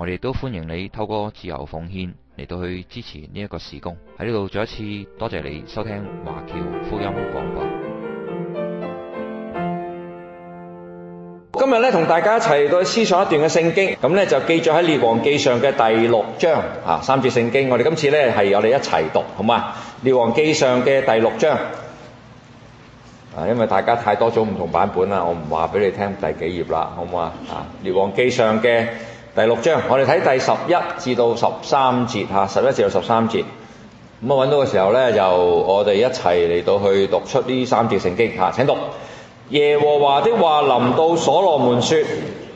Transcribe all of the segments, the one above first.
我哋都歡迎你透過自由奉獻嚟到去支持呢一個事工喺呢度。再一次多謝你收聽華僑福音廣播。今日咧同大家一齊去思索一段嘅聖經，咁咧就記咗喺《列王記》上嘅第六章啊。三節聖經，我哋今次咧係我哋一齊讀，好嘛？《列王記》上嘅第六章啊，因為大家太多種唔同版本啦，我唔話俾你聽第幾頁啦，好唔好啊？啊，《列王記》上嘅。第六章，我哋睇第十一至到十三節吓、啊，十一至到十三節，咁啊揾到嘅時候呢，就我哋一齊嚟到去讀出呢三節聖經吓、啊，請讀耶和華的話臨到所羅門說：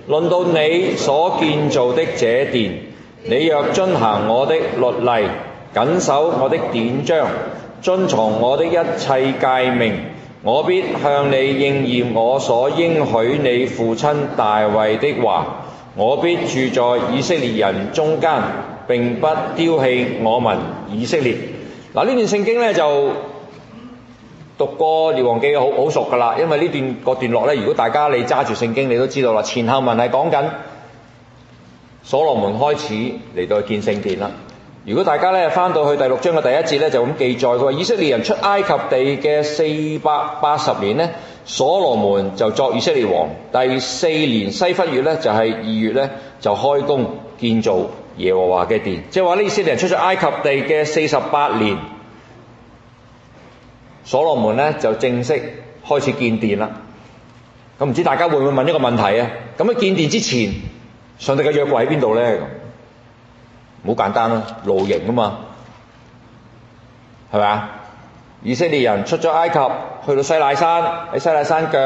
論到你所建造的這殿，你若遵行我的律例，緊守我的典章，遵從我的一切誡命，我必向你應驗我所應許你父親大衛的話。我必住在以色列人中間，並不丟棄我民以色列。嗱，呢段聖經呢，就讀過《列王記》，好好熟噶啦。因為呢段個段落呢，如果大家你揸住聖經，你都知道啦。前後文係講緊所羅門開始嚟到建聖殿啦。如果大家呢，翻到去第六章嘅第一節呢，就咁記載佢話以色列人出埃及地嘅四百八十年呢。」所羅門就作以色列王第四年西弗月咧，就係、是、二月咧，就開工建造耶和華嘅殿，即係話以色列人出咗埃及地嘅四十八年，所羅門咧就正式開始建殿啦。咁唔知大家會唔會問呢個問題啊？咁喺建殿之前，上帝嘅約會喺邊度咧？咁好簡單啦，露營啊嘛，係嘛？以色列人出咗埃及，去到西奈山，喺西奈山腳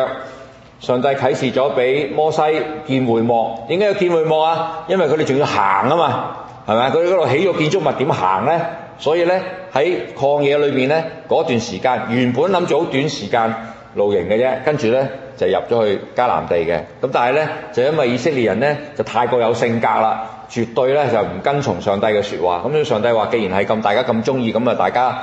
上，上帝啟示咗俾摩西建會幕。點解要建會幕啊？因為佢哋仲要行啊嘛，係咪？佢嗰度起咗建築物點行呢？所以呢，喺曠野裏面呢，嗰段時間，原本諗住好短時間露營嘅啫，跟住呢就入咗去迦南地嘅。咁但係呢，就因為以色列人呢就太過有性格啦，絕對呢就唔跟從上帝嘅説話。咁所以上帝話：既然係咁，大家咁鍾意，咁啊大家。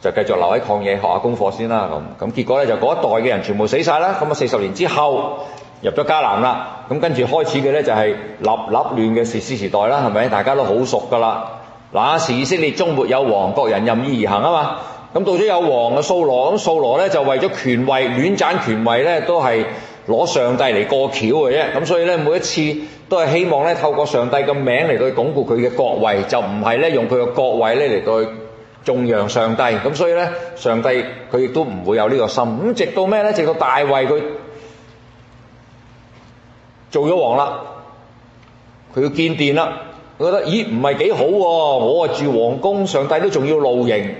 就繼續留喺曠野學下功課先啦。咁咁結果咧，就嗰一代嘅人全部死晒啦。咁啊，四十年之後入咗迦南啦。咁跟住開始嘅咧，就係立立亂嘅士師時代啦。係咪？大家都好熟噶啦。嗱，時以色列中沒有王，各人任意而行啊嘛。咁到咗有王嘅掃羅，咁掃羅咧就為咗權位亂斬，權位咧，都係攞上帝嚟過橋嘅啫。咁所以咧，每一次都係希望咧，透過上帝嘅名嚟到去鞏固佢嘅國位，就唔係咧用佢嘅國位咧嚟到重讓上帝咁，所以咧，上帝佢亦都唔會有呢個心。咁直到咩咧？直到大衛佢做咗王啦，佢要建殿啦，佢覺得咦，唔係幾好喎、啊，我啊住皇宮，上帝都仲要露營。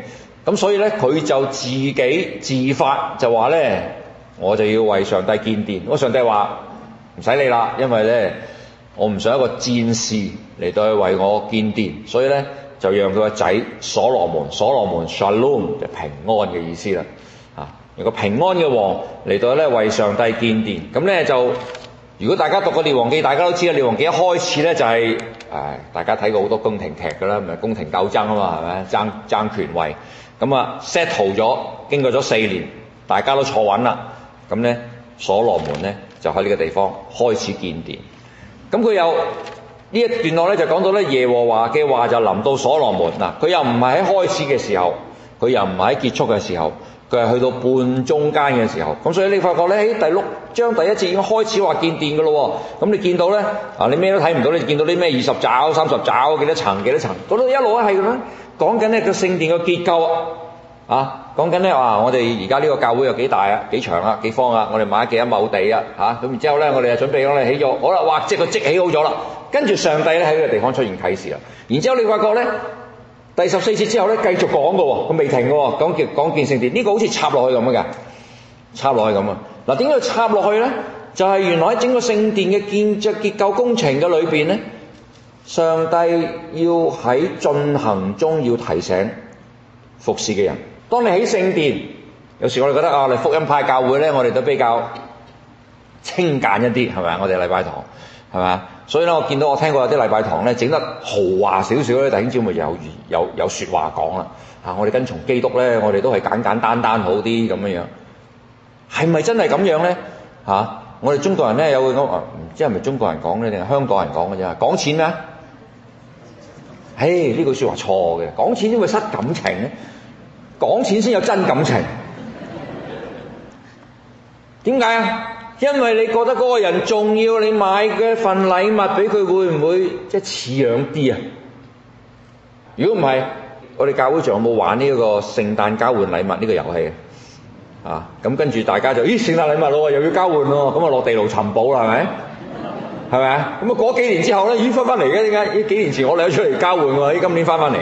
咁所以咧，佢就自己自發就話咧，我就要為上帝建殿。我、那個、上帝話唔使你啦，因為咧，我唔想一個戰士嚟到去為我建殿，所以咧。就讓佢個仔所羅門，所羅門 Shalom 就平安嘅意思啦。啊，如果平安嘅王嚟到咧為上帝建殿，咁咧就如果大家讀過《列王紀》，大家都知啦，《列王紀》一開始咧就係、是、誒大家睇過好多宮廷劇嘅啦，咪宮廷鬥爭啊嘛，係咪爭爭權位？咁啊 settle 咗，經過咗四年，大家都坐穩啦，咁咧所羅門咧就喺呢個地方開始建殿，咁佢有。呢一段落咧就講到咧耶和華嘅話就臨到所羅門嗱，佢又唔係喺開始嘅時候，佢又唔係喺結束嘅時候，佢係去到半中間嘅時候。咁所以你發覺咧喺第六章第一節已經開始話建殿嘅咯喎，咁你見到咧啊，你咩都睇唔到，你見到啲咩二十肘、三十肘、幾多層、幾多層，嗰度一路係咁啦，講緊咧個聖殿嘅結構。啊，講緊咧話，我哋而家呢個教會有幾大啊？幾長啊？幾方啊？我哋買咗幾多畝地啊？嚇、啊、咁！然之後咧，我哋就準備幫你起咗。好啦，哇！即個即起好咗啦。跟住上帝咧喺呢個地方出現啟示啦。然之後你發覺咧，第十四節之後咧繼續講嘅喎，佢未停嘅喎，講建講建聖殿。呢、這個好似插落去咁樣㗎，插落去咁啊！嗱，點解要插落去咧？就係、是、原來喺整個聖殿嘅建築結構工程嘅裏邊咧，上帝要喺進行中要提醒服侍嘅人。當你喺聖殿，有時我哋覺得啊，我哋福音派教會咧，我哋都比較清簡一啲，係咪啊？我哋禮拜堂係咪啊？所以咧，我見到我聽過有啲禮拜堂咧，整得豪華少少咧，弟兄姊妹有有有説話講啦嚇。我哋跟從基督咧，我哋都係簡簡單單，單好啲咁樣樣，係咪真係咁樣咧嚇、啊？我哋中國人咧有個唔、啊、知係咪中國人講咧定係香港人講嘅啫，講錢咩？誒呢句説話錯嘅，講錢點會失感情咧？講錢先有真感情，點解啊？因為你覺得嗰個人重要，你買嘅份禮物俾佢會唔會即似樣啲啊？如果唔係，我哋教會仲有冇玩呢個聖誕交換禮物呢個遊戲啊？咁跟住大家就咦，聖誕禮物喎，又要交換喎，咁啊落地牢尋寶啦，係咪？係咪咁啊，過幾年之後咧，咦，翻返嚟嘅點解？咦，幾年前我哋都出嚟交換喎，依今年翻返嚟。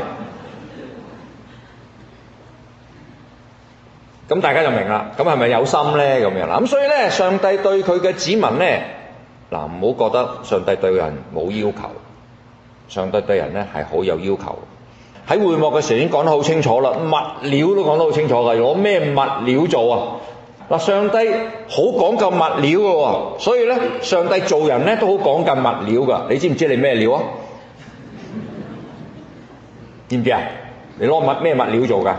咁大家就明啦，咁係咪有心呢？咁樣啦？咁所以呢，上帝對佢嘅子民呢，嗱，唔好覺得上帝對人冇要求，上帝對人呢係好有要求。喺會幕嘅時候已經講得好清楚啦，物料都講得好清楚㗎，攞咩物料做啊？嗱，上帝好講究物料㗎，所以呢，上帝做人呢都好講究物料㗎。你知唔知你咩料啊？知唔知啊？你攞物咩物料做㗎？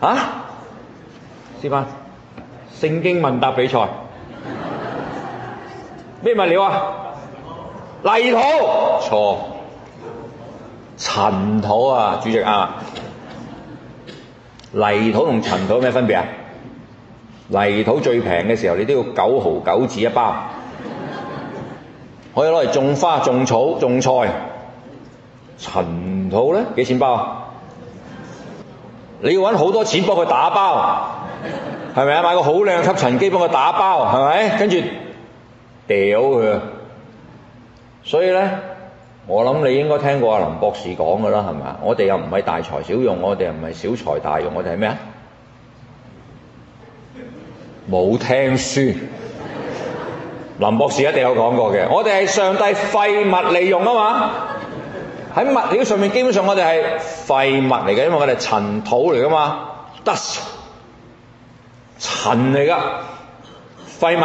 啊？試翻聖經問答比賽，咩物料啊？泥土？錯，塵土啊，主席啊！泥土同塵土有咩分別啊？泥土最平嘅時候，你都要九毫九子一包，可以攞嚟種花、種草、種菜。塵土呢？幾錢一包，啊？你要揾好多錢幫佢打包，啊。係咪啊？買個好靚吸塵機幫佢打包，係咪？跟住掉佢！所以咧，我諗你應該聽過阿林博士講嘅啦，係咪啊？我哋又唔係大材小用，我哋又唔係小材大用，我哋係咩啊？冇聽書。林博士一定有講過嘅，我哋係上帝廢物利用啊嘛！喺物料上面，基本上我哋係廢物嚟嘅，因為我哋係塵土嚟噶嘛得！塵嚟噶廢物，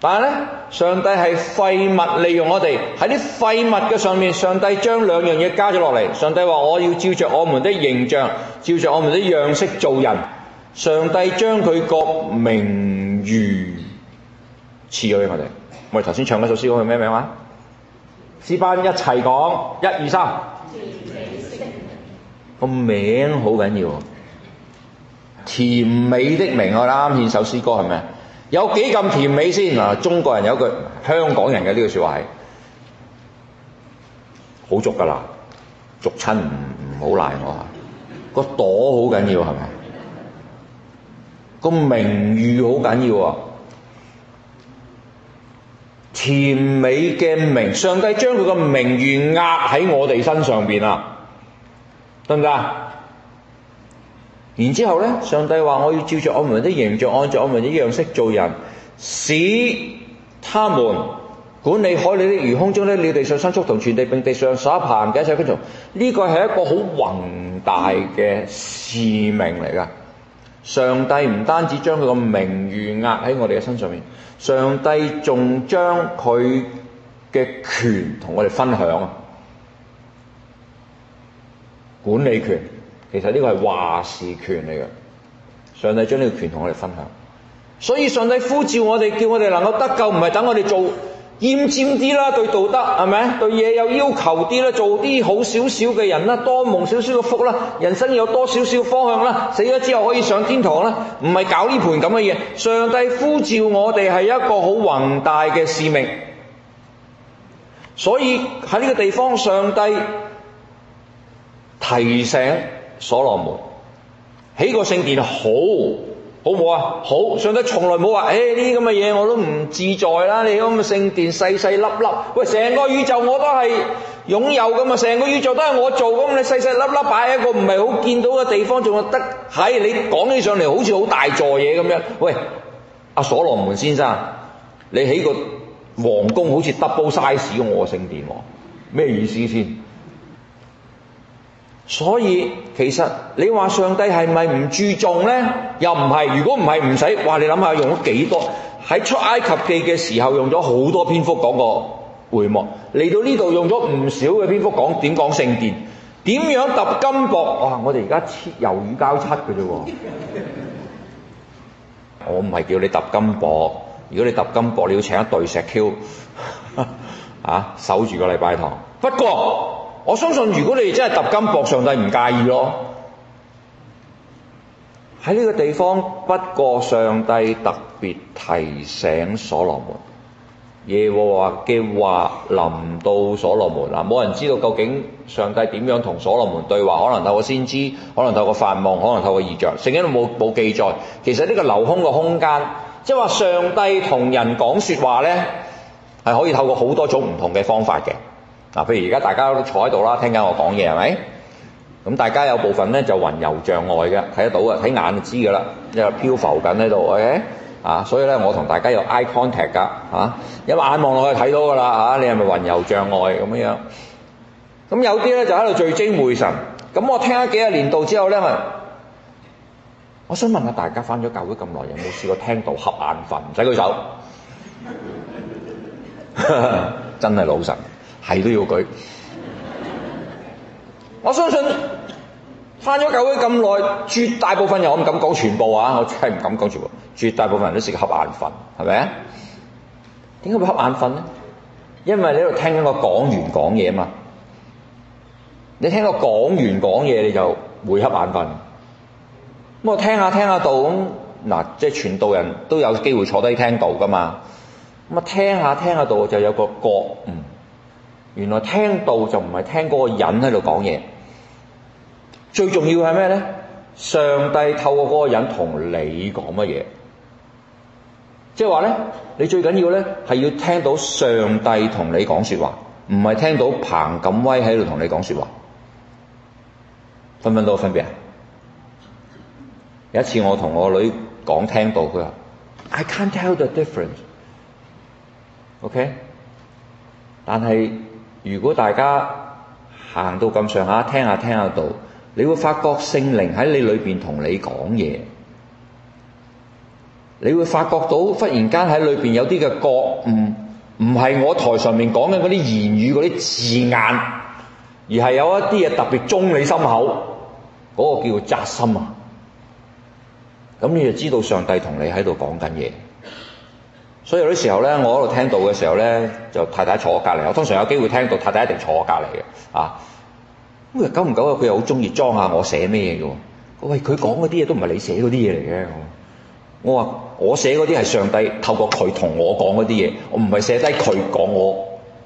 但係咧，上帝係廢物利用我哋喺啲廢物嘅上面。上帝將兩樣嘢加咗落嚟。上帝話我要照着我們的形象，照着我們的樣式造人。上帝將佢嘅名譽賜咗俾我哋。我哋頭先唱嗰首詩叫咩名啊？詩班一齊講，一二三，個名好緊要。甜美的名，我啱啱獻首詩歌係咪？有幾咁甜美先？中國人有句，香港人嘅呢句説話係好俗㗎喇，俗親唔唔，好賴我啊！個朵好緊要係咪？個名譽好緊要啊！甜美的名，上帝將佢個名譽壓喺我哋身上面啊！得唔得？然之後咧，上帝話：我要照着我們的形像，按照我們的樣式做人，使他們管理海裏的魚，空中呢鳥，地上牲畜同全地並地上所行嘅，的一切昆蟲，呢、這個係一個好宏大嘅使命嚟㗎。上帝唔單止將佢個名譽壓喺我哋嘅身上面，上帝仲將佢嘅權同我哋分享，啊。管理權。其實呢個係話事權嚟嘅，上帝將呢個權同我哋分享，所以上帝呼召我哋，叫我哋能夠得救，唔係等我哋做厭尖啲啦，對道德係咪？對嘢有要求啲啦，做啲好少少嘅人啦，多蒙少少嘅福啦，人生有多少少方向啦，死咗之後可以上天堂啦，唔係搞呢盤咁嘅嘢。上帝呼召我哋係一個好宏大嘅使命，所以喺呢個地方，上帝提醒。所羅門起個聖殿，好好唔好啊？好，上帝從來冇話，誒呢啲咁嘅嘢我都唔自在啦。你咁嘅聖殿細細粒粒。喂，成個宇宙我都係擁有噶嘛？成個宇宙都係我做咁，你細細粒粒擺喺一個唔係好見到嘅地方，仲有得，你講起上嚟好似好大座嘢咁樣。喂，阿所羅門先生，你起個皇宮好似 double size 我聖殿，咩意思先？所以其實你話上帝係咪唔注重呢？又唔係。如果唔係，唔使話你諗下用咗幾多？喺出埃及記嘅時候用咗好多篇幅講個會幕，嚟到呢度用咗唔少嘅篇幅講點講聖殿，點樣揼金箔。哇！我哋而家切乳膠漆嘅啫喎。 我唔係叫你揼金箔，如果你揼金箔，你要請一隊石 Q，守住個禮拜堂。不過我相信如果你真係揼金箔，上帝唔介意咯，喺呢個地方，不過上帝特別提醒所羅門，耶和華嘅話臨到所羅門，嗱，冇人知道究竟上帝點樣同所羅門對話，可能透過先知，可能透過發夢，可能透過異象，聖經都冇冇記載。其實呢個留空嘅空間，即係話上帝同人講說話咧，係可以透過好多種唔同嘅方法嘅。嗱，譬如而家大家都坐喺度啦，聽緊我講嘢係咪？咁大家有部分咧就雲遊障礙嘅，睇得到嘅，睇眼就知嘅啦，因為漂浮緊喺度嘅，啊，所以咧我同大家有 eye contact 㗎，嚇、啊，有眼望落去睇到㗎啦，嚇、啊，你係咪雲遊障礙咁樣？咁有啲咧就喺度聚精會神，咁我聽咗幾廿年度之後咧，咪我想問下大家翻咗教會咁耐，有冇試過聽到瞌眼瞓？唔使舉手， 真係老實。係都要舉，我相信翻咗教會咁耐，絕大部分人我唔敢講全部啊，我真係唔敢講全部。絕大部分人都識瞌眼瞓，係咪啊？點解會瞌眼瞓呢？因為你喺度聽緊個講員講嘢啊嘛。你聽個講員講嘢，你就會瞌眼瞓。咁我聽下聽下到，咁嗱，即係全道人都有機會坐低聽，聽，聽到噶嘛。咁啊，聽下聽下到，就有個覺，嗯。原來聽到就唔係聽嗰個人喺度講嘢，最重要係咩咧？上帝透過嗰個人同你講乜嘢，即係話咧，你最緊要咧係要聽到上帝同你講説話，唔係聽到彭錦威喺度同你講説話，分分都有分別啊！有一次我同我女講聽到，佢話：I can't tell the difference。OK，但係。如果大家行到咁上下，聽下聽下度，你會發覺聖靈喺你裏邊同你講嘢，你會發覺到忽然間喺裏邊有啲嘅覺悟，唔係我台上面講緊嗰啲言語嗰啲字眼，而係有一啲嘢特別中你心口，嗰個叫做扎心啊！咁你就知道上帝同你喺度講緊嘢。所以有啲時候咧，我喺度聽到嘅時候咧，就太太坐我隔離。我通常有機會聽到太太一定坐我隔離嘅啊。咁久唔久啊，佢又好中意裝下我寫咩嘢嘅。我喂，佢講嗰啲嘢都唔係你寫嗰啲嘢嚟嘅。我，我話我寫嗰啲係上帝透過佢同我講嗰啲嘢，我唔係寫低佢講我，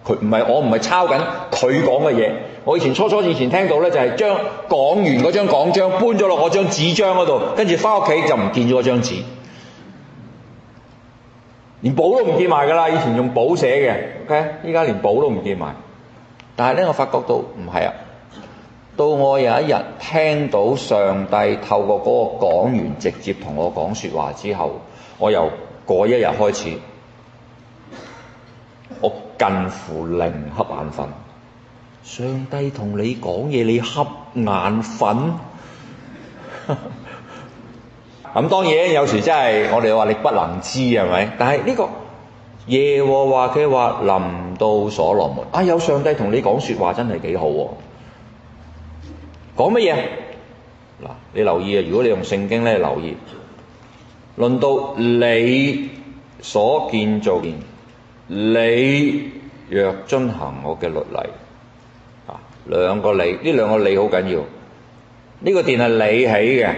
佢唔係，我唔係抄緊佢講嘅嘢。我以前初初，以前聽到咧，就係將講完嗰張講章搬咗落我張紙張嗰度，跟住翻屋企就唔見咗張紙。連簿都唔見埋㗎啦，以前用簿寫嘅，OK，依家連簿都唔見埋。但係呢，我發覺到唔係啊，到我有一日聽到上帝透過嗰個講員直接同我講説話之後，我由嗰一日開始，我近乎零瞌眼瞓。上帝同你講嘢，你瞌眼瞓。 咁當然有時真係我哋話你不能知係咪？但係呢個耶和華佢話臨到所羅門啊，有上帝同你講説話真係幾好喎！講乜嘢嗱？你留意啊！如果你用聖經咧，留意，論到你所建造殿，你若遵行我嘅律例啊，兩個你，呢兩個你好緊要，呢個殿係你起嘅。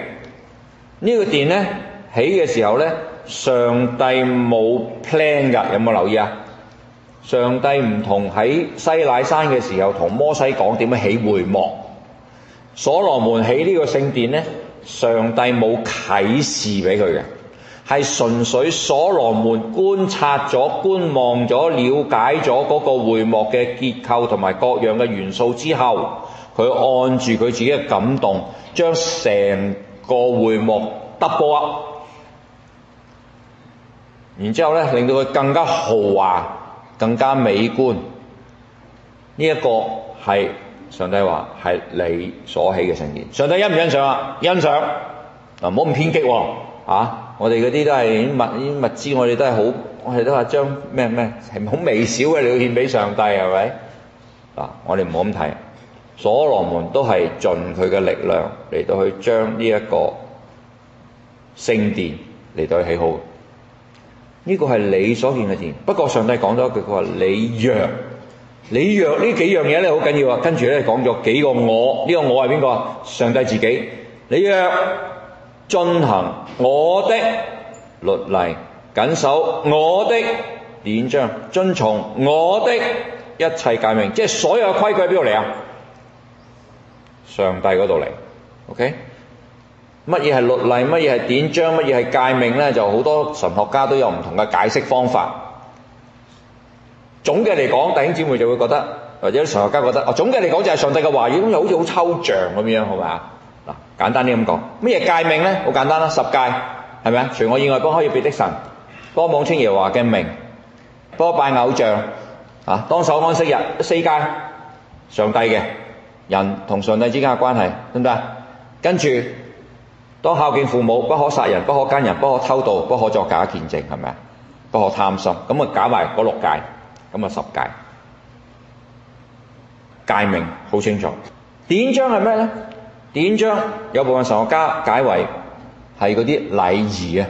呢個殿呢起嘅時候呢，上帝冇 plan 㗎，有冇留意啊？上帝唔同喺西乃山嘅時候同摩西講點樣起會幕，所羅門起呢個聖殿呢，上帝冇啟示俾佢嘅，係純粹所羅門觀察咗、觀望咗、了解咗嗰個會幕嘅結構同埋各樣嘅元素之後，佢按住佢自己嘅感動，將成個會幕 double，然之後咧令到佢更加豪華、更加美觀，呢、這、一個係上帝話係你所起嘅聖殿。上帝欣唔欣賞啊？欣賞嗱，唔好咁偏激喎、啊啊，我哋嗰啲都係物啲物資，我哋都係好、 啊，我哋都係將咩咩係咪好微小嘅嘢獻畀上帝係咪？嗱，我哋唔好咁睇。所羅門都係盡佢嘅力量嚟到去將呢一個聖殿嚟到去起好。呢個係你所建嘅殿。不過上帝講咗一句，佢話：你若你若呢幾樣嘢咧好緊要啊。跟住咧講咗幾個我，呢個我係邊個？上帝自己。你若遵行我的律例，謹守我的典章，遵從我的一切誡命，即係所有規矩喺邊度嚟啊？上帝嗰度嚟，OK？乜嘢係律例，乜嘢係典章，乜嘢係誡命咧？就好多神學家都有唔同嘅解釋方法。總嘅嚟講，弟兄姊妹就會覺得，或者啲神學家覺得，哦，總嘅嚟講就係上帝嘅話語，咁又好似好抽象咁樣，好嘛？嗱，簡單啲咁講，乜嘢誡命咧？好簡單啦，十誡，係咪啊？除我以外，不可以別的神，不妄稱耶和華嘅名，不拜偶像，啊，當守安息日，四誡上帝嘅。人同上帝之間嘅關係，對唔對？跟住，當孝敬父母，不可殺人，不可奸人，不可偷盜，不可作假見證，係咪啊？不可貪心，咁啊搞完嗰六戒，咁啊十戒，誡命好清楚。典章係咩呢？典章有部分神學家解為係嗰啲禮儀啊，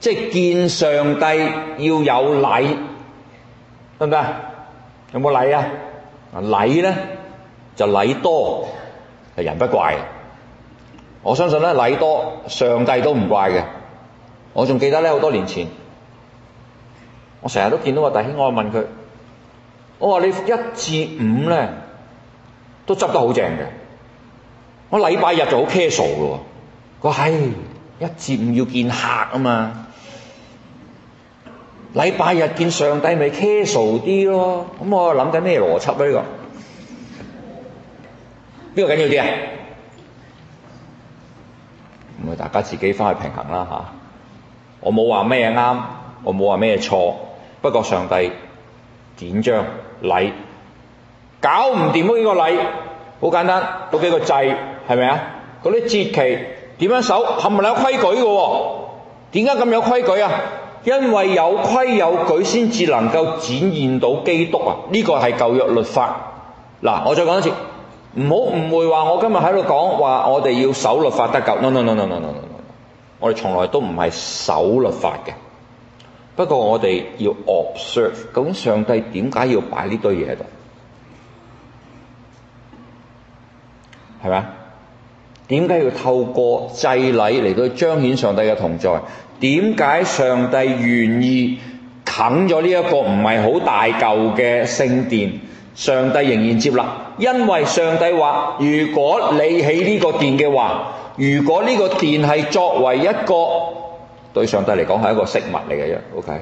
即係見上帝要有禮，對唔對？有冇禮啊？禮呢？就禮多係人不怪，我相信咧禮多上帝都唔怪嘅。我仲記得咧好多年前，我成日都見到個弟兄，我問佢：我話你一至五咧都執得好正嘅，我禮拜日就好 casual 嘅喎、哎。佢話：嘿，一至五要見客啊嘛，禮拜日見上帝咪 casual 啲咯。咁我諗緊咩邏輯咧呢個？呢個緊要啲啊！唔係大家自己翻去平衡啦嚇。我冇話咩啱，我冇話咩錯。不過上帝典章禮搞唔掂嗰幾個禮，好簡單嗰幾個祭係咪啊？嗰啲節期點樣守，係咪有規矩嘅？點解咁有規矩啊？因為有規有矩先至能夠展現到基督啊！呢個係舊約律法嗱，我再講一次。唔好誤會話，我今日喺度講話，我哋要守律法得救。no no no no no no no no 我哋從來都唔係守律法嘅。不過我哋要 observe，究竟上帝點解要擺呢堆嘢喺度？係咪？點解要透過祭禮嚟到彰顯上帝嘅同在？點解上帝願意啃咗呢一個唔係好大嚿嘅聖殿，上帝仍然接納？，因為上帝話，如果你起呢個殿嘅話，如果呢個殿係作為一個對上帝嚟講係一個飾物嚟嘅啫，OK？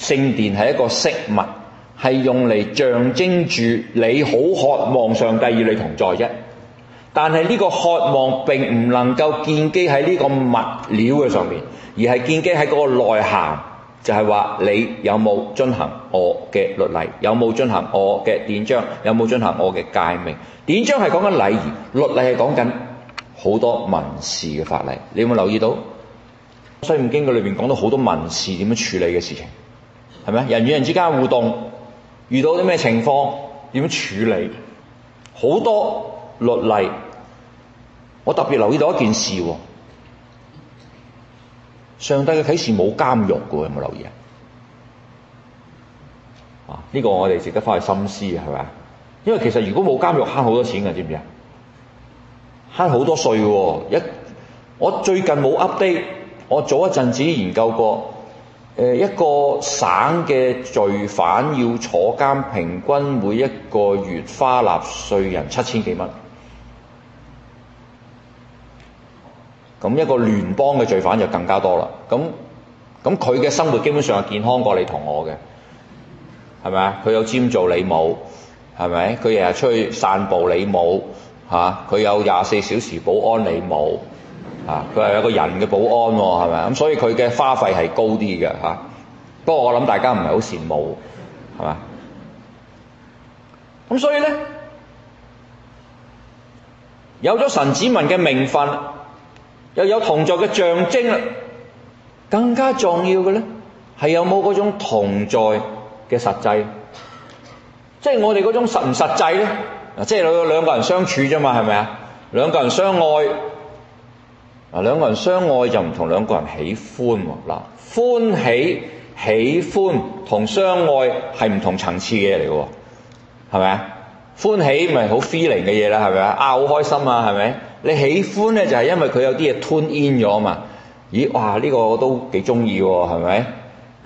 聖殿係一個飾物，係用嚟象徵住你好渴望上帝與你同在啫。但係呢個渴望並唔能夠建基喺呢個物料嘅上面，而係建基喺嗰個內涵，就係、是、話你有冇遵行我嘅律例，有冇遵行我嘅典章，有冇遵行我嘅誡命？典章係講緊禮儀，律例係講緊好多民事嘅法例。你有冇留意到《西經》嘅裏邊講到好多民事點樣處理嘅事情？係咪？人與人之間互動，遇到啲咩情況，點處理？好多律例，我特別留意到一件事，上帝嘅啟示冇監獄嘅，有冇留意啊？啊！呢個我哋值得翻去深思，係咪啊？因為其實如果冇監獄，慳好多錢嘅，知唔知啊？慳好多稅喎！一我最近冇 update，我早一陣子研究過。誒一個省嘅罪犯要坐監，平均每一個月花納稅人七千幾蚊。咁一個聯邦嘅罪犯就更加多啦。咁咁佢嘅生活基本上係健康過你同我嘅，係咪啊？佢有 gym 做你冇，係咪？佢日日出去散步你冇嚇，佢、啊、有廿四小時保安你冇。啊！佢係有一個人嘅保安喎、哦，係咪啊？咁所以佢嘅花費係高啲嘅嚇。不、啊、過我諗大家唔係好羨慕，係嘛？咁所以咧，有咗神子民嘅名分，又有同在嘅象徵啦，更加重要嘅咧，係有冇嗰種同在嘅實際？即係我哋嗰種實唔實際咧？即係兩兩個人相處啫嘛，係咪啊？兩個人相愛。嗱，兩個人相愛就唔同兩個人喜歡嗱，歡喜、喜歡同相愛係唔同層次嘅嘢嚟嘅喎，係咪啊？歡喜咪好 feeling 嘅嘢啦，係咪啊？啊，好開心啊，係咪？你喜歡咧就係因為佢有啲嘢 tune in 咗啊嘛。咦，哇，呢個我都幾中意喎，係咪？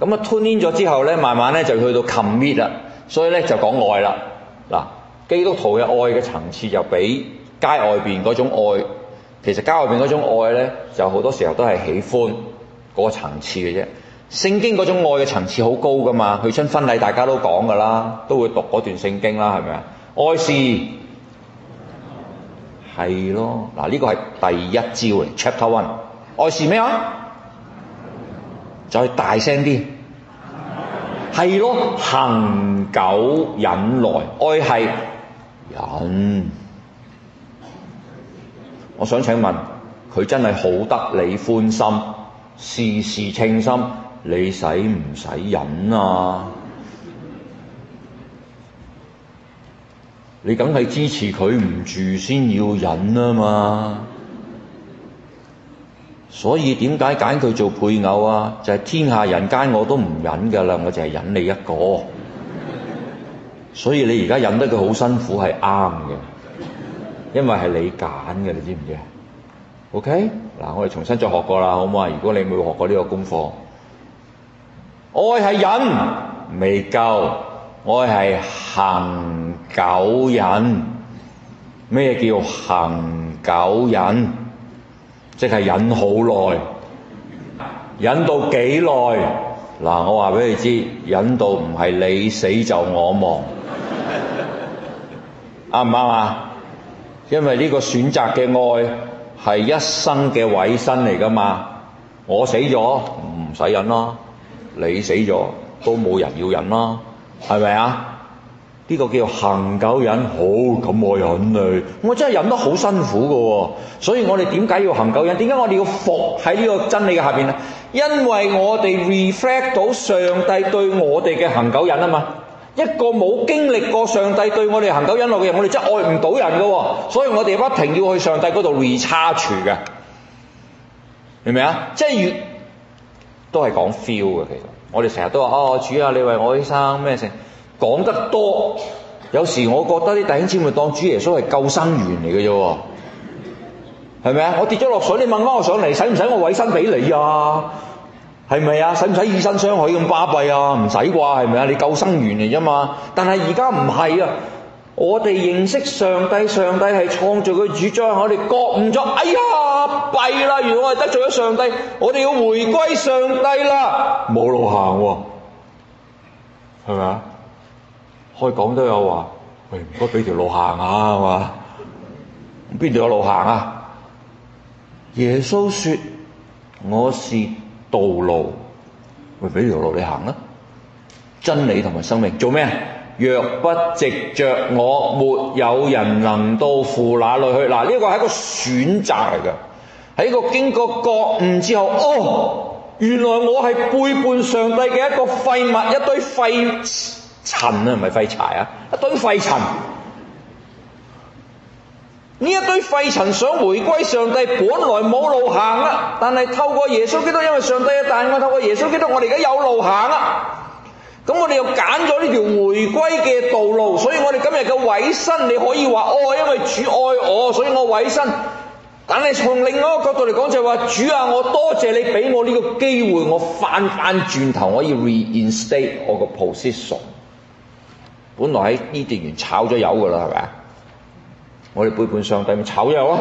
咁啊 tune in 咗之後咧，慢慢咧就去到 commit 啦，所以咧就講愛啦。嗱，基督徒嘅愛嘅層次就比街外邊嗰種愛。其實家外邊嗰種愛呢，就好多時候都係喜歡嗰個層次嘅啫。聖經嗰種愛嘅層次好高噶嘛？去親婚禮大家都講噶啦，都會讀嗰段聖經啦，係咪啊？愛是，係咯。嗱、這、呢個係第一招嚟，Chapter One 愛。愛是咩話？再大聲啲，係咯，恆久忍耐，愛係忍。我想請問，佢真係好得你歡心，事事稱心，你使唔使忍啊？你梗係支持佢唔住先要忍啊嘛。所以點解揀佢做配偶啊？就係天下人間我都唔忍噶啦，我就係忍你一個。所以你而家忍得佢好辛苦係啱嘅。因為係你揀嘅，你知唔知？OK，嗱，我哋重新再學過啦，好唔好啊？如果你冇學過呢個功課，愛係忍未夠，愛係恆久忍。咩叫恆久忍？即係忍好耐，忍到幾耐？嗱，我話俾你知，忍到唔係你死就我亡，啱唔啱啊？因為呢個選擇嘅愛係一生嘅委身嚟㗎嘛，我死咗唔使忍咯，你死咗都冇人要忍啦，係咪啊？呢、這個叫恆久忍，好，咁我忍嚟，我真係忍得好辛苦嘅喎、哦，所以我哋點解要恆久忍？點解我哋要服喺呢個真理嘅下面？咧？因為我哋 reflect 到上帝對我哋嘅恆久忍啊嘛。一個冇經歷過上帝對我哋恆久忍耐嘅人，我哋真係愛唔到人噶，所以我哋不停要去上帝嗰度 recharge 嘅，明唔明啊？即係越都係講 feel 嘅，其實我哋成日都話啊，主啊，你為我而生咩事？講得多，有時我覺得啲弟兄姊妹當主耶穌係救生員嚟嘅啫，係咪啊？我跌咗落水，你掹我上嚟，使唔使我委身俾你啊？係咪啊？使唔使以身相許咁巴閉啊？唔使啩，係咪啊？你救生員嚟啫嘛。但係而家唔係啊！我哋認識上帝，上帝係創造嘅主張，我哋覺悟咗。哎呀，弊啦！原來我哋得罪咗上帝，我哋要回歸上帝啦。冇路行喎，係咪啊？開講都有話，喂，唔該俾條路行下啊，係嘛？邊度有路行啊？耶穌說，我是。道路，喂，俾條路你行啦。真理同埋生命做咩？若不藉着我，沒有人能到父那裏去。嗱，呢個係一個選擇嚟嘅，喺一個經過覺悟之後，哦，原來我係背叛上帝嘅一個廢物，一堆廢塵啊，唔係廢柴啊，一堆廢塵。呢一堆廢塵想回歸上帝，本來冇路行啦。但係透過耶穌基督，因為上帝啊，但我透過耶穌基督，我哋而家有路行啦。咁我哋又揀咗呢條回歸嘅道路，所以我哋今日嘅委身，你可以話哦，因為主愛我，所以我委身。但係從另外一個角度嚟講，就係話主啊，我多謝你俾我呢個機會，我翻返轉頭可以 reinstate 我個 position。本來喺呢段完炒咗油噶啦，係咪？我哋背叛上帝，咪醜陋啊？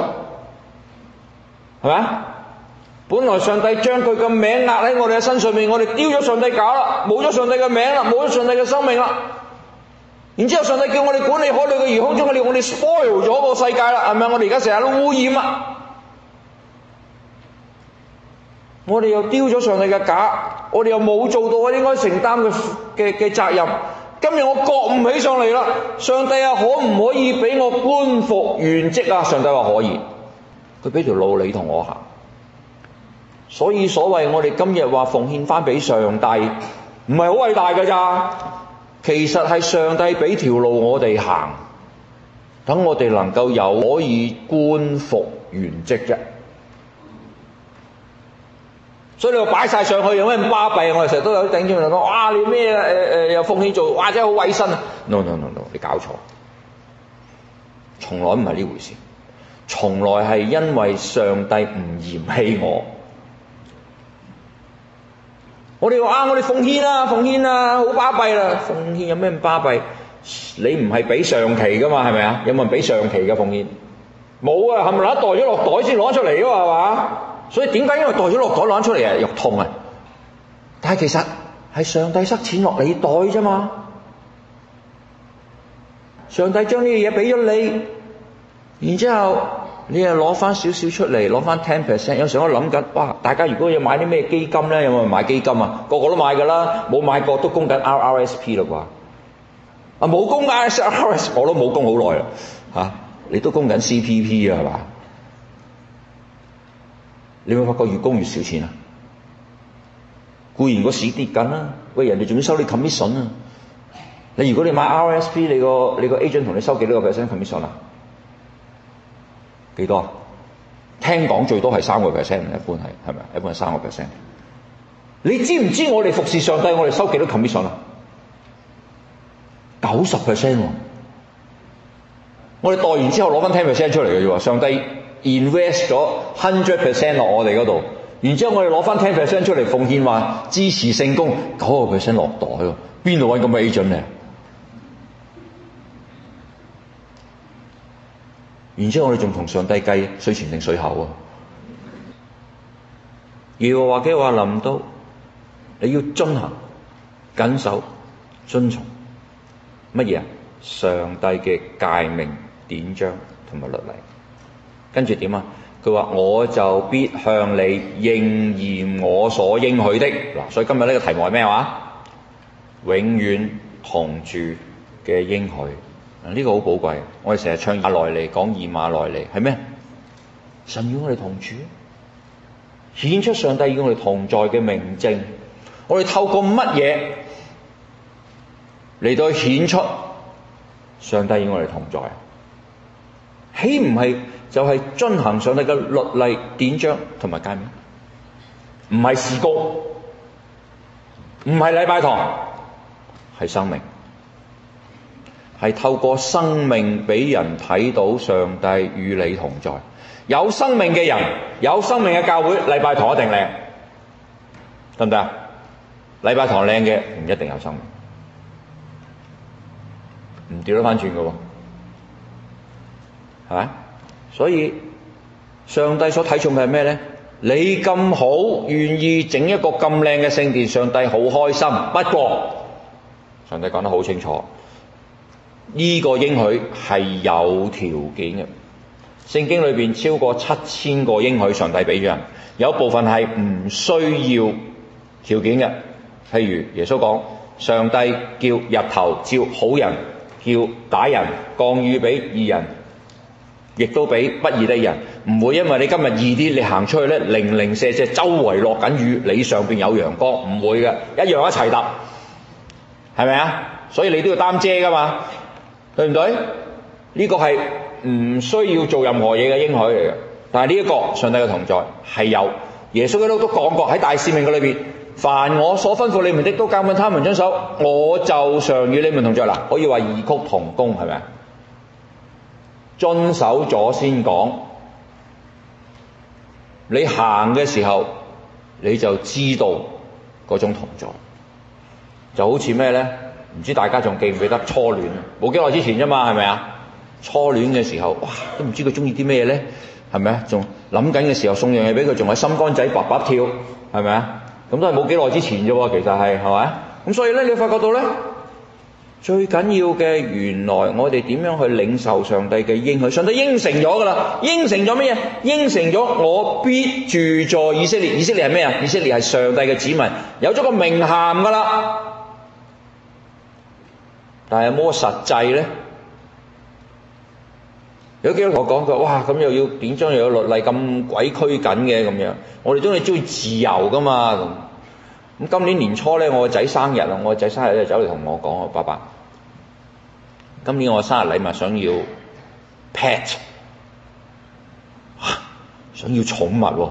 係嘛？本來上帝將佢嘅名壓喺我哋嘅身上面，我哋丟咗上帝嘅假啦，冇咗上帝嘅名啦，冇咗上帝嘅生命啦。然之後上帝叫我哋管理海裏嘅魚、空中嘅鳥，我哋 spoil 咗個世界啦，係咪啊？我哋而家成日都污染啊！我哋又丟咗上帝嘅假，我哋又冇做到我應該承擔嘅嘅嘅責任。今日我覺悟起上嚟啦，上帝啊，可唔可以俾我官復原職啊？上帝話可以，佢俾條路你同我行。所以所謂我哋今日話奉獻翻俾上帝，唔係好偉大嘅咋，其實係上帝俾條路我哋行，等我哋能夠有可以官復原職啫、啊。所以你話擺晒上去有咩咁巴閉啊？我哋成日都有頂住嚟講，哇！你咩誒誒又奉獻做，哇！真係好衛生啊！no no no no，你搞錯，從來唔係呢回事，從來係因為上帝唔嫌棄我。我哋話啊，我哋奉獻啊！奉獻啊！好巴閉啊！奉獻有咩咁巴閉？你唔係俾上期噶嘛？係咪啊？有冇人俾上期嘅奉獻？冇啊，冚 𠾴 一袋咗落袋先攞出嚟啊嘛，係嘛？所以點解因為了袋咗落袋攞出嚟啊，肉痛啊！但係其實係上帝塞錢落你的袋啫嘛。上帝將呢嘢俾咗你，然之後你又攞翻少少出嚟，攞翻 ten percent。有時候我諗緊，哇！大家如果要買啲咩基金呢？有冇買基金啊？個個都買㗎啦，冇買過都供緊 R R S P 嘞啩？啊冇供 R S R S，我都冇供好耐啦，你都供緊 C P P 啊係嘛？你會發覺越供越少錢啊！固然個市跌緊啦，喂，人哋仲要收你 commission 啊！你如果你買 RSP，你個你個 agent 同你收幾多個 percent commission 啊？幾多？聽講最多係三個 percent，一般係係咪？一般係三個 percent。你知唔知我哋服侍上帝我、啊，我哋收幾多 commission 啊？九十 percent 喎！我哋代完之後攞翻 ten percent 出嚟嘅啫喎，上帝。invest 咗 hundred percent 落我哋嗰度，然之後我哋攞翻 ten percent 出嚟奉獻，話支持聖工，九個 percent 落袋喎，邊度揾咁嘅 agent 嚟？然之後我哋仲同上帝計，水前定水後啊？耶和華嘅話臨到，你要遵行、謹守、遵從乜嘢啊？上帝嘅誡命、典章同埋律例。跟住點啊？佢話我就必向你應驗我所應許的。嗱，所以今日呢個題目係咩話？永遠同住嘅應許，嗱，呢個好寶貴。我哋成日唱阿內利，講以馬內利係咩？神與我哋同住，顯出上帝與我哋同在嘅明證。我哋透過乜嘢嚟到顯出上帝與我哋同在？豈唔係就係遵行上帝嘅律例典章同埋誡命？唔係事工，唔係禮拜堂，係生命，係透過生命俾人睇到上帝與你同在。有生命嘅人，有生命嘅教會，禮拜堂一定靚，得唔得啊？禮拜堂靚嘅唔一定有生命，唔掉得翻轉㗎喎。啊！所以上帝所睇重嘅係咩咧？你咁好，願意整一個咁靚嘅聖殿，上帝好開心。不過上帝講得好清楚，呢個應許係有條件嘅。聖經裏邊超過七千個應許，上帝俾咗人，有部分係唔需要條件嘅。譬如耶穌講：上帝叫日頭照好人，叫歹人，降雨俾義人。亦都比不義的人，唔會，因為你今日義啲，你行出去呢零零舍舍，周圍落緊雨，你上邊有陽光，唔會嘅，一樣一齊搭，係咪？所以你都要擔遮㗎嘛，對唔對？呢、這個係唔需要做任何嘢嘅應許嚟嘅，但係呢一個上帝嘅同在係有，耶穌都都講過喺大使命嘅裏邊，凡我所吩咐你們的，都教訓他們遵守，我就常與你們同在，嗱、啊，可以話異曲同工係咪啊？是遵守咗先講，你行嘅時候你就知道嗰種同在，就好似咩咧？唔知大家仲記唔記得初戀？冇幾耐之前啫嘛，係咪啊？初戀嘅時候，哇，都唔知佢中意啲咩咧，係咪啊？仲諗緊嘅時候送樣嘢俾佢，仲喺心肝仔白白跳，係咪啊？咁都係冇幾耐之前啫喎，其實係係咪啊？咁所以咧，你發覺到咧？最緊要嘅，原來我哋點樣去領受上帝嘅應許？上帝應承咗噶啦，應承咗咩嘢？應承咗我必住在以色列。以色列係咩啊？以色列係上帝嘅子民，有咗個名銜噶啦。但係有冇實際呢？有幾多同我講嘅？哇！咁又要典章，又有律例，咁鬼拘緊嘅咁樣。我哋都中意自由噶嘛？咁今年年初呢，我個仔生日啦，我個仔生日就走嚟同我講啊，爸爸。今年我生日禮物想要 pet，嚇，想要寵物喎。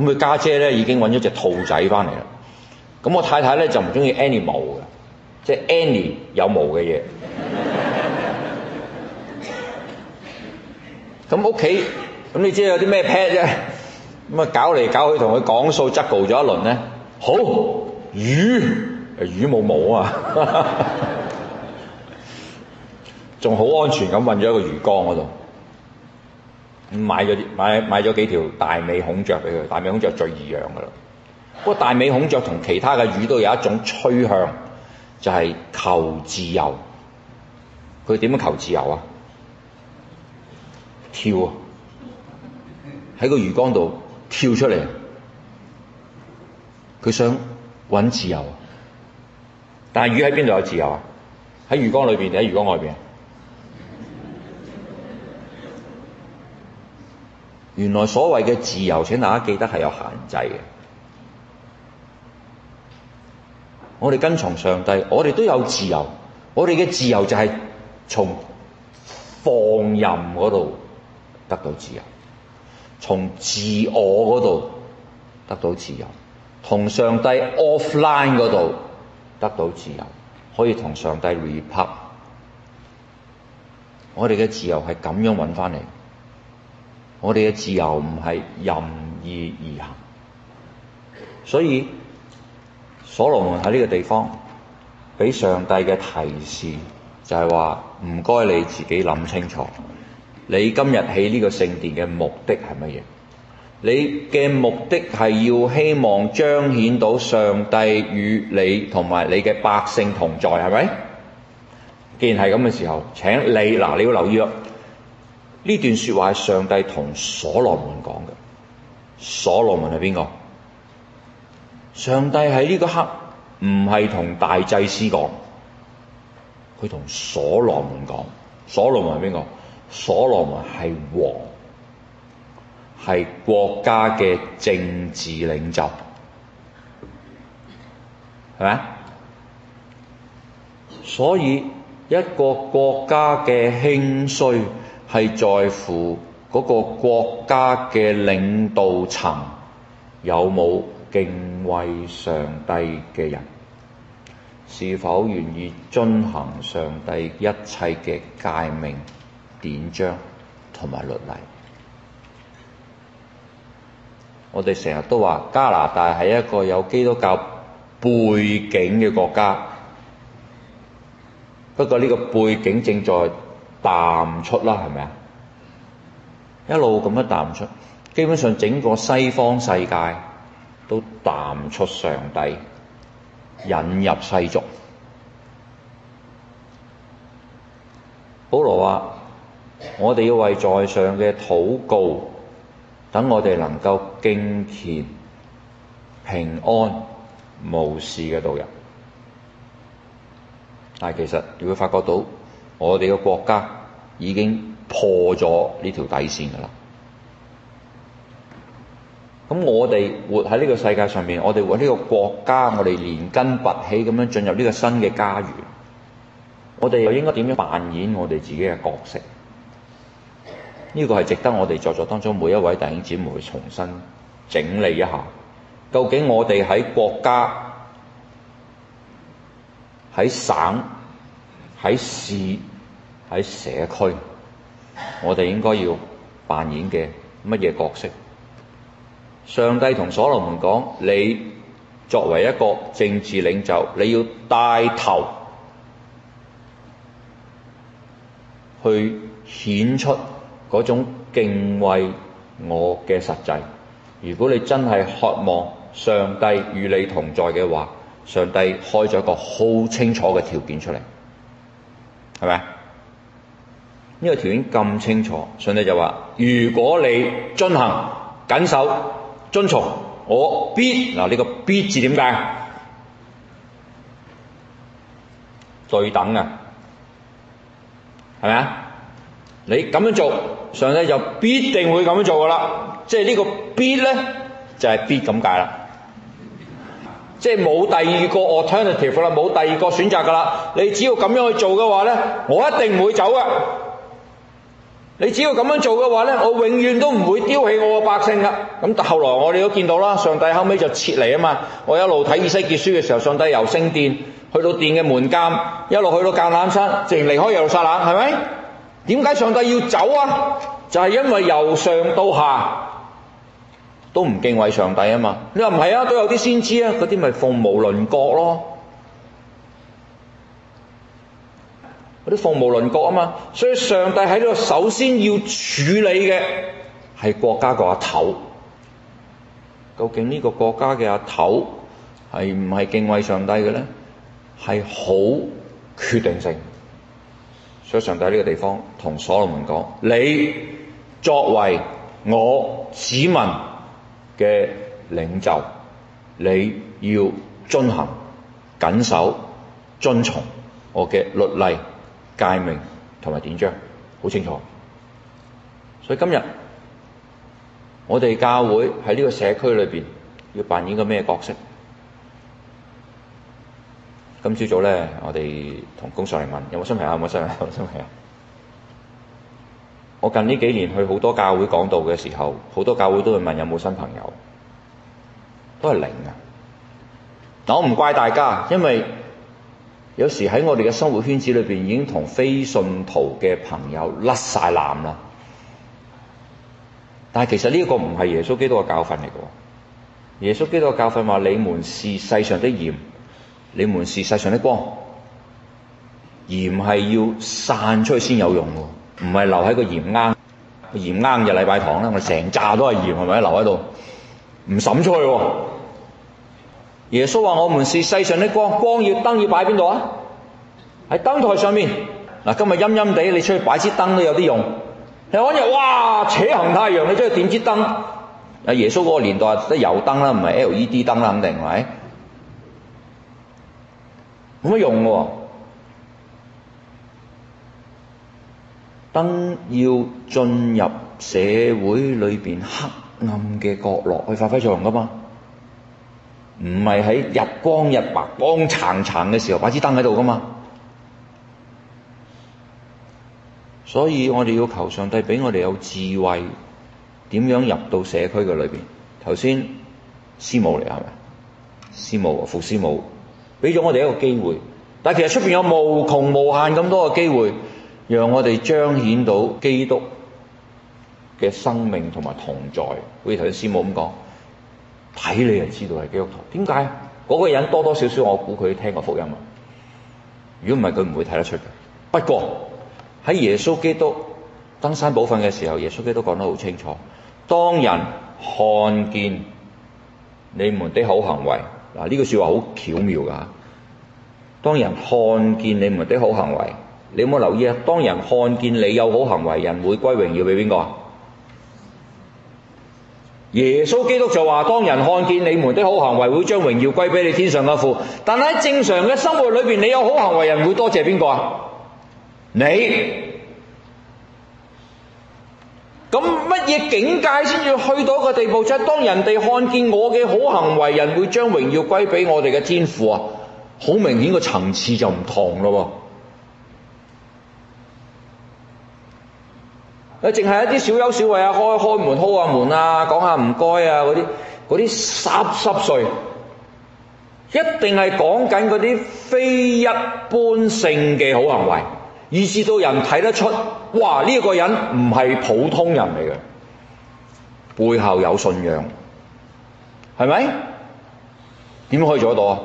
咁佢家姐咧已經揾咗隻兔仔翻嚟啦。咁我太太咧就唔中意 animal 嘅，即係 any 有毛嘅嘢。咁屋企，咁你知有啲咩 pet 啫？咁啊搞嚟搞去，同佢講數，執拗咗一輪咧。好，魚，魚冇毛啊！仲好安全咁運咗一個魚缸嗰度，咁買咗啲買買咗幾條大尾孔雀俾佢。大尾孔雀最易養噶啦。不過大尾孔雀同其他嘅魚都有一種趨向，就係求自由。佢點樣求自由啊？跳啊！喺個魚缸度跳出嚟，佢想揾自由。但係魚喺邊度有自由啊？喺魚缸裏邊定喺魚缸外邊？原來所謂嘅自由，請大家記得係有限制嘅。我哋跟從上帝，我哋都有自由。我哋嘅自由就係從放任嗰度得到自由，從自我嗰度得到自由，從上帝 offline 嗰度得到自由，可以同上帝 report。我哋嘅自由係咁樣揾翻嚟。我哋嘅自由唔係任意而行，所以所羅門喺呢個地方俾上帝嘅提示，就係話唔該你自己諗清楚，你今日起呢個聖殿嘅目的係乜嘢？你嘅目的係要希望彰顯到上帝與你同埋你嘅百姓同在，係咪？既然係咁嘅時候，請你嗱，你要留意咯。呢段說話係上帝同所羅門講嘅。所羅門係邊個？上帝喺呢個刻唔係同大祭司講，佢同所羅門講。所羅門係邊個？所羅門係王，係國家嘅政治領袖，係咪？所以一個國家嘅興衰。係在乎嗰個國家嘅領導層有冇敬畏上帝嘅人，是否願意遵行上帝一切嘅誡命、典章同埋律例。我哋成日都話加拿大係一個有基督教背景嘅國家，不過呢個背景正在。淡出啦，係咪啊？一路咁樣淡出，基本上整個西方世界都淡出上帝，引入世俗。保羅話：我哋要為在上嘅禱告，等我哋能夠敬虔、平安、無事嘅度日。但係其實你會發覺到，我哋嘅國家，已經破咗呢條底線㗎啦！咁我哋活喺呢個世界上面，我哋為呢個國家，我哋連根拔起咁樣進入呢個新嘅家園，我哋又應該點樣扮演我哋自己嘅角色？呢、這個係值得我哋在座當中每一位弟兄姊妹去重新整理一下。究竟我哋喺國家、喺省、喺市，喺社區，我哋應該要扮演嘅乜嘢角色？上帝同所羅門講：你作為一個政治領袖，你要帶頭去顯出嗰種敬畏我嘅實際。如果你真係渴望上帝與你同在嘅話，上帝開咗一個好清楚嘅條件出嚟，係咪？呢個條件咁清楚，上帝就話：如果你遵行、謹守、遵從，我必，嗱，呢、這個必字點解？對等嘅係咪啊？你咁樣做，上帝就必定會咁樣做噶啦。即係呢個必咧，就係、是、必咁解啦。即係冇第二個 alternative 啦，冇第二個選擇噶啦。你只要咁樣去做嘅話咧，我一定唔會走㗎。你只要咁樣做嘅話咧，我永遠都唔會丟棄我嘅百姓㗎。咁後來我哋都見到啦，上帝後尾就撤離啊嘛。我一路睇以西結書嘅時候，上帝由聖殿去到殿嘅門檻，一路去到橄欖山，直情離開耶路撒冷，係咪？點解上帝要走啊？就係、是、因為由上到下都唔敬畏上帝啊嘛。你話唔係啊？都有啲先知啊，嗰啲咪鳳毛麟角咯。啲服務鄰國啊嘛，所以上帝喺呢度首先要處理嘅係國家個阿頭。究竟呢個國家嘅阿頭係唔係敬畏上帝嘅咧？係好決定性，所以上帝喺呢個地方同所羅門講：你作為我子民嘅領袖，你要遵行、謹守、遵從我嘅律例。界名同埋典章好清楚，所以今日我哋教會喺呢個社區裏邊要扮演個咩角色？今朝早咧，我哋同工上嚟問，有冇新朋友？有冇新朋友？有冇新朋友？我近呢幾年去好多教會講道嘅時候，好多教會都會問有冇新朋友，都係零啊。但我唔怪大家，因為。有時喺我哋嘅生活圈子裏邊已經同非信徒嘅朋友甩晒纜啦，但係其實呢一個唔係耶穌基督嘅教訓嚟嘅。耶穌基督嘅教訓話：你們是世上的鹽，你們是世上的光。鹽係要散出去先有用嘅，唔係留喺個鹽罌鹽罌嘅禮拜堂啦。我哋成紮都係鹽，係咪留喺度？唔審出去喎！耶穌話：我們是世上的光，光要燈要擺喺邊度啊？喺燈台上面。今日陰陰地，你出去擺支燈都有啲用。你嗰日哇，扯行太陽，你出去點支燈？耶穌嗰個年代得油燈啦，唔係 LED 燈啦，肯定係冇乜用嘅。燈要進入社會裏面黑暗嘅角落去發揮作用㗎嘛？唔係喺日光日白光橙橙嘅時候擺支燈喺度噶嘛，所以我哋要求上帝俾我哋有智慧，點樣入到社區嘅裏面。頭先師母嚟，係咪？師母啊，副師母俾咗我哋一個機會，但其實出面有無窮無限咁多嘅機會，讓我哋彰顯到基督嘅生命同埋同在，好似頭先師母咁講。睇你就知道係基督徒，點解啊？嗰個人多多少少我估佢聽過福音啊。如果唔係，佢唔會睇得出嘅。不過喺耶穌基督登山寶訓嘅時候，耶穌基督講得好清楚：當人看見你們的好行為，嗱呢句説話好巧妙㗎。當人看見你們的好行為，你有冇留意啊？當人看見你有好行為，人會歸榮耀俾邊個？耶穌基督就話：當人看見你們的好行為，會將榮耀歸俾你天上嘅父。但喺正常嘅生活裏面，你有好行為，人會多謝邊個啊？你咁乜嘢境界先至去到一個地步，即係當人哋看見我嘅好行為，人會將榮耀歸俾我哋嘅天父啊？好明顯個層次就唔同咯。佢淨係一啲小優小惠啊，開開門、開門啊，講下唔該啊，嗰啲嗰啲濕濕碎，一定係講緊嗰啲非一般性嘅好行為，以致到人睇得出，哇！呢一個人唔係普通人嚟嘅，背後有信仰，係咪？點可以做得到啊？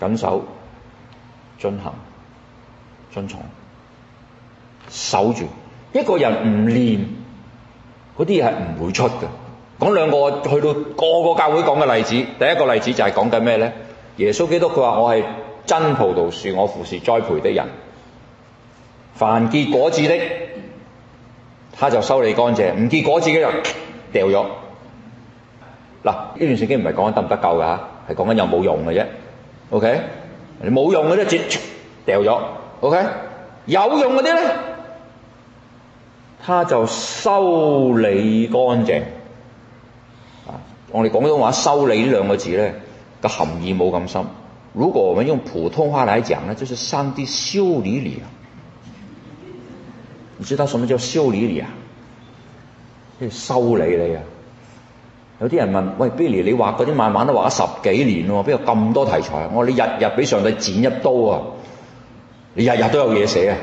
謹守、遵行、遵從、守住。一個人唔練，嗰啲嘢係唔會出嘅。講兩個去到個個教會講嘅例子，第一個例子就係講緊咩咧？耶穌基督佢話：我係真葡萄樹，我父是栽培的人，凡結果子的，他就修理乾淨；唔結果子嘅人，掉咗。嗱，呢段聖經唔係講緊得唔得救噶吓，係講緊有冇用嘅啫。O K，你冇用嗰啲，直接掉咗。O K，有用嗰啲咧。他就修理乾淨啊！我哋廣東話“修理”呢兩個字呢，個含義冇咁深。如果我們用普通話嚟講呢，就是上帝修理你啊！你知道什麼叫修理你啊？修理你啊！有啲人問：喂，Billy，你畫嗰啲漫畫都畫咗十幾年喎，邊有咁多題材啊？我話你日日俾上帝剪一刀啊！你日日都有嘢寫啊！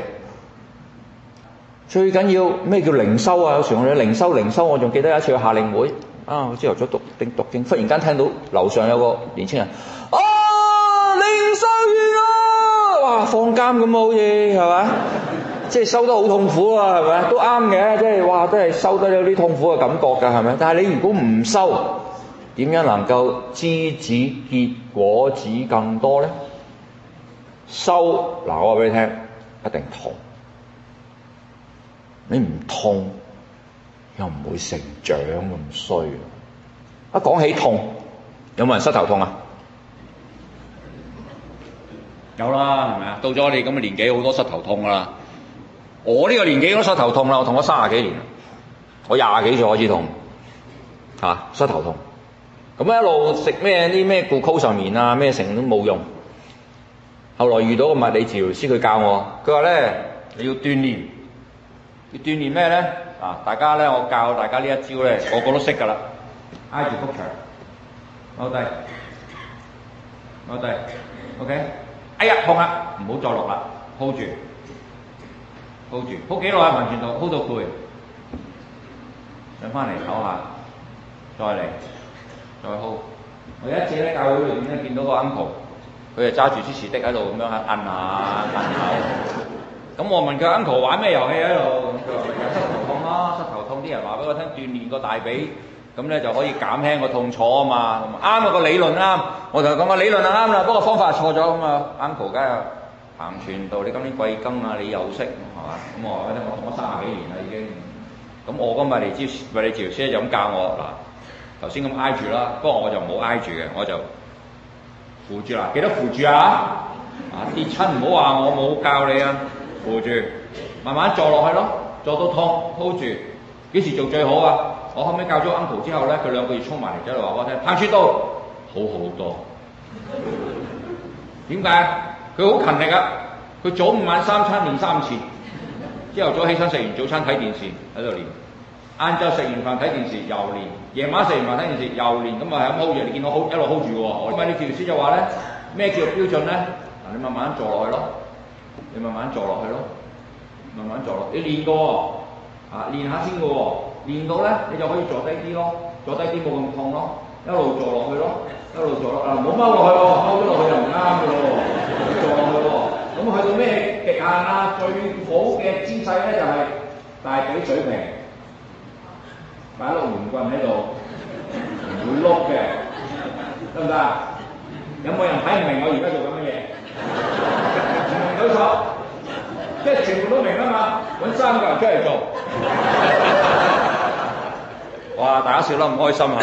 最緊要咩叫靈修啊？有時我哋靈修靈修，我仲記得有一次去夏令會啊，之後在讀定讀經，忽然間聽到樓上有個年輕人啊，靈修完啊，哇，放監咁好嘢，係咪？ 即係收得好痛苦啊，係咪？都啱嘅，即係話，都係收得有啲痛苦嘅感覺㗎，係咪？但係你如果唔收，點樣能夠知止結果止更多咧？收嗱，我話俾你聽，一定痛。」你唔痛又唔會成長咁衰啊！一講起痛，有冇人膝頭痛啊？有啦，係咪啊？到咗我哋咁嘅年紀，好多膝頭痛噶啦。我呢個年紀都膝頭痛啦，我痛咗卅幾年，我廿幾歲開始痛，嚇、啊、膝頭痛。咁一路食咩啲咩固溝睡眠啊咩成都冇用。後來遇到個物理治療師佢教我，佢話咧你要鍛鍊。要鍛鍊咩咧？啊！大家咧，我教大家呢一招咧，個個都識㗎啦。挨住幅牆，落低，落低，OK。哎呀，痛啊！唔好再落啦，hold 住，hold 住，hold 幾耐啊？完全到 hold 到攰，上翻嚟唞下，再嚟，再 hold。我有一次喺教會裏面咧，見到個 uncle，佢就揸住支士的喺度咁樣嚇摁下摁下。 咁我問佢，Uncle 玩咩遊戲喺度？佢話有膝頭痛啦，膝頭痛，啲人話俾我聽，鍛鍊個大髀咁咧就可以減輕個痛楚啊嘛。啱啊，個理論啱，我同佢講個理論啊啱啦，不過方法錯咗啊嘛。Uncle，梗係行傳道，你今年貴庚啊？你又識係嘛？咁我話俾你聽我做咗卅幾年啦已經。咁我今日嚟之咪你治療師就咁教我嗱，頭先咁挨住啦，不過我就唔好挨住嘅，我就扶住啦。記得扶住啊？啊，跌親唔好話我冇教你啊！扶住，慢慢坐落去咯，坐到痛，hold 住，幾時做最好啊？我後尾教咗 uncle 之後咧，佢兩個月衝埋嚟，喺度話我聽，拍樹刀，好好多。點解？佢好勤力啊！佢早午晚三餐練三次，朝頭早起身食完早餐睇電視喺度練，晏晝食完飯睇電視又練，夜晚食完飯睇電視又練，咁啊係咁 hold 住，你見到 hold 一路 hold 住喎。咁啊，你條先就話咧，咩叫做標準咧？嗱，你慢慢坐落去咯。你慢慢坐落去咯，慢慢坐落。你練過啊，練下先嘅喎。練到咧，你就可以坐低啲咯，坐低啲冇咁痛咯。一路坐落去咯，一路坐落。啊，冇踎落去喎，踎咗落去就唔啱嘅咯，坐落去喎。咁去到咩極限啊？最好嘅姿勢咧就係大髀水平，擺碌圓棍喺度，唔會碌嘅，得唔得啊？有冇人睇唔明我而家做緊乜嘢？ 即係全部都明啊嘛！搵三個人出嚟做， 哇！大家笑得唔開心係咪？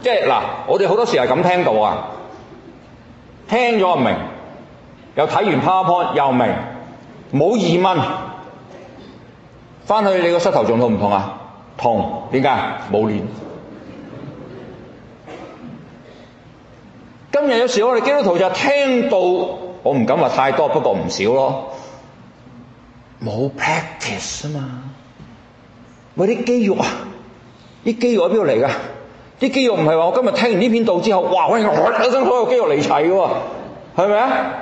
即係嗱，我哋好多時係咁聽到啊，聽咗明，又睇完 PowerPoint 又明，冇疑問。翻去你個膝頭仲痛唔痛啊？痛，點解？冇練。今日有時我哋基督徒就聽到。我唔敢話太多，不過唔少咯。冇 practice 啊嘛，嗰啲肌肉啊，啲肌肉喺邊度嚟嘅？啲肌肉唔係話我今日聽完呢篇道之後，哇，可以一聲所有肌肉離齊嘅喎，係咪？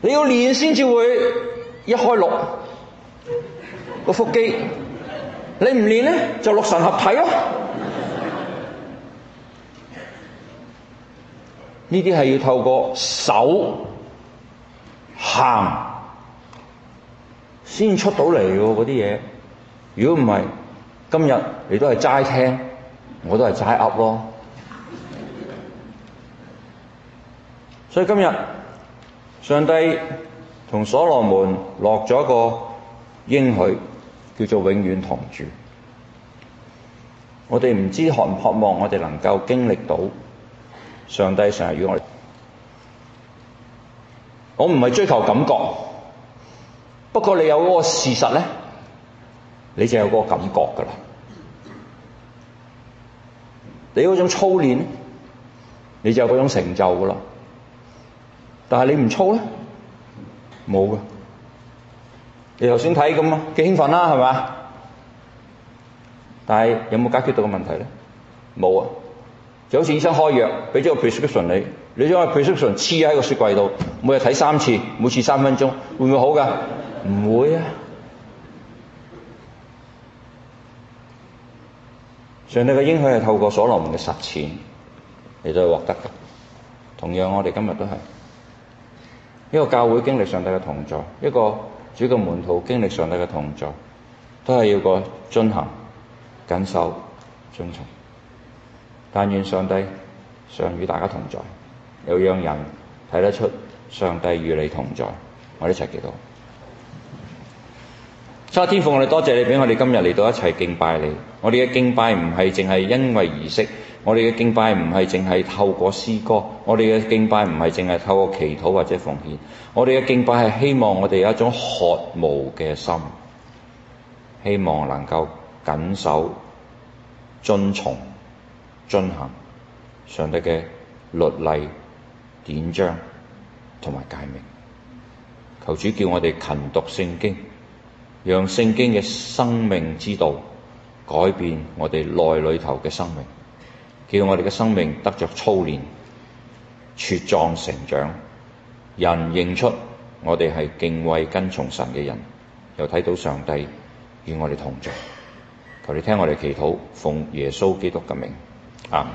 你要練先至會一開六個腹肌，你唔練咧就六神合體咯，啊。呢啲係要透過手行先出到嚟喎，嗰啲嘢。如果唔係，今日你都係齋聽，我都係齋噏咯。所以今日上帝同所羅門落咗個應許，叫做永遠同住。我哋唔知渴唔渴望我哋能夠經歷到。上帝成日與我，我唔係追求感覺，不過你有嗰個事實呢，你就有嗰個感覺㗎喇。你嗰種操練，你就有嗰種成就㗎喇。但係你唔操呢？冇㗎。你頭先睇咁啊，幾興奮啦，係咪？但係有冇解決到這個問題呢？冇啊。就好似醫生開藥，俾咗個 prescription 你，你將個 prescription 黐喺個雪櫃度，每日睇三次，每次三分鐘，會唔會好噶？唔會啊！上帝嘅應許係透過所羅門嘅實踐你都係獲得嘅。同樣我哋今日都係一個教會經歷上帝嘅同在，一個主嘅門徒經歷上帝嘅同在，都係要個遵行、緊守、遵從。但願上帝上與大家同在，又讓人睇得出上帝與你同在。我哋一齊祈禱。差天父，我哋多謝你俾我哋今日嚟到一齊敬拜你。我哋嘅敬拜唔係淨係因為儀式，我哋嘅敬拜唔係淨係透過詩歌，我哋嘅敬拜唔係淨係透過祈禱或者奉獻，我哋嘅敬拜係希望我哋有一種渴慕嘅心，希望能夠謹守、遵從，進行上帝嘅律例典章同埋誡命，求主叫我哋勤讀聖經，讓聖經嘅生命之道改變我哋內裏頭嘅生命，叫我哋嘅生命得着操練、茁壯成長，人認出我哋係敬畏跟從神嘅人，又睇到上帝與我哋同在。求你聽我哋祈禱，奉耶穌基督嘅名。啊！